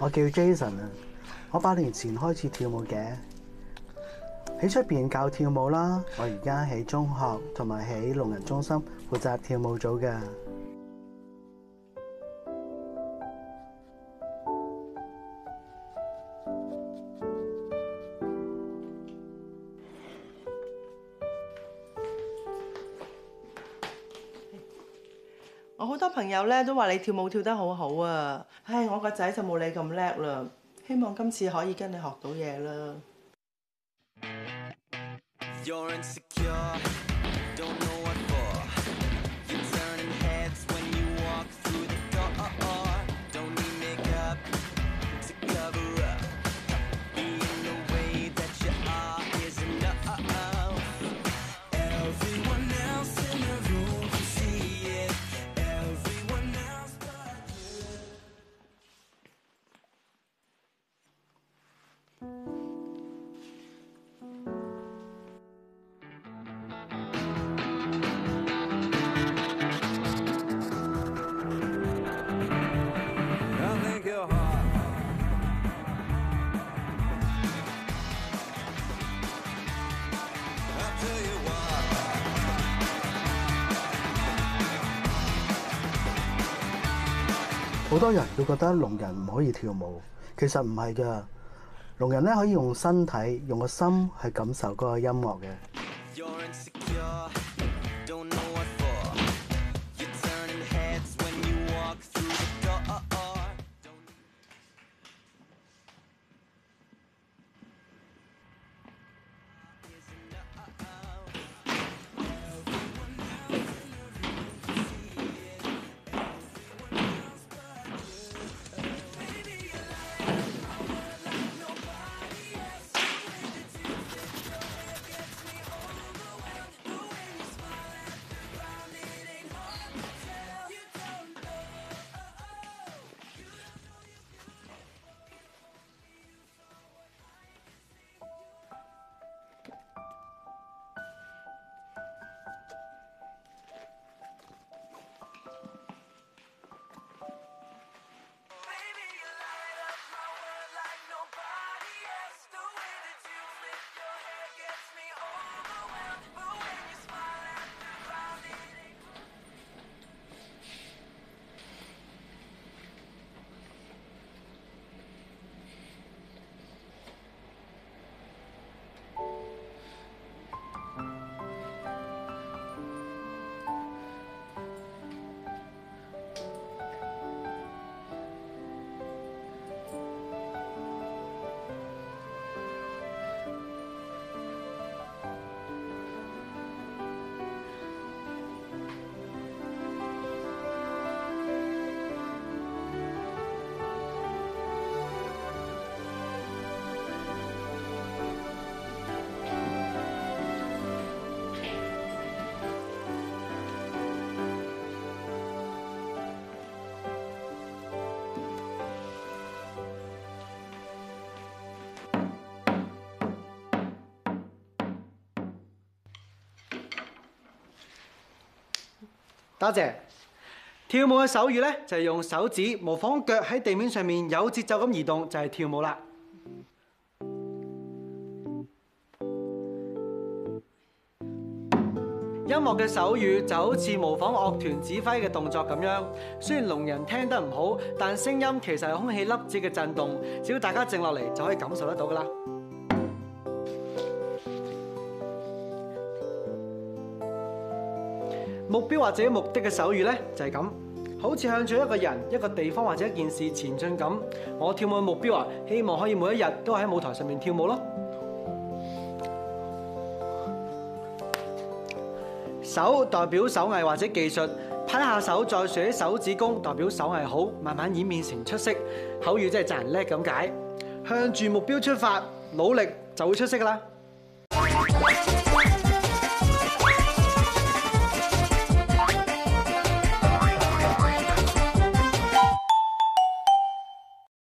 我叫 Jason 啊，我八年前開始跳舞嘅，喺出邊教跳舞啦。我而家喺中學同埋喺聾人中心負責跳舞組㗎。我好多朋友咧都話你跳舞跳得好好啊！唉，我個仔就冇你咁叻啦，希望今次可以跟你學到嘢啦。好多人都覺得聾人唔可以跳舞，其實唔係㗎，聾人咧可以用身體、用個心去感受嗰個音樂嘅。多謝，謝。跳舞嘅手語咧，就係用手指模仿腳喺地面上面有節奏咁移動，就係、是、跳舞啦。音樂嘅手語就好似模仿樂團指揮嘅動作咁樣。雖然聾人聽得唔好，但聲音其實係空氣粒子嘅震動，只要大家靜落嚟就可以感受得到噶啦。目標或者目的嘅手語呢就係咁，好似向住一個人、一個地方或者一件事前進咁。我跳舞嘅目標啊，希望可以每一日都喺舞台上面跳舞咯。手代表手藝或者技術，拍下手再寫手指公，代表手藝好，慢慢演變成出色。口語真係讚人叻咁解，向住目標出發，努力就會出色噶啦。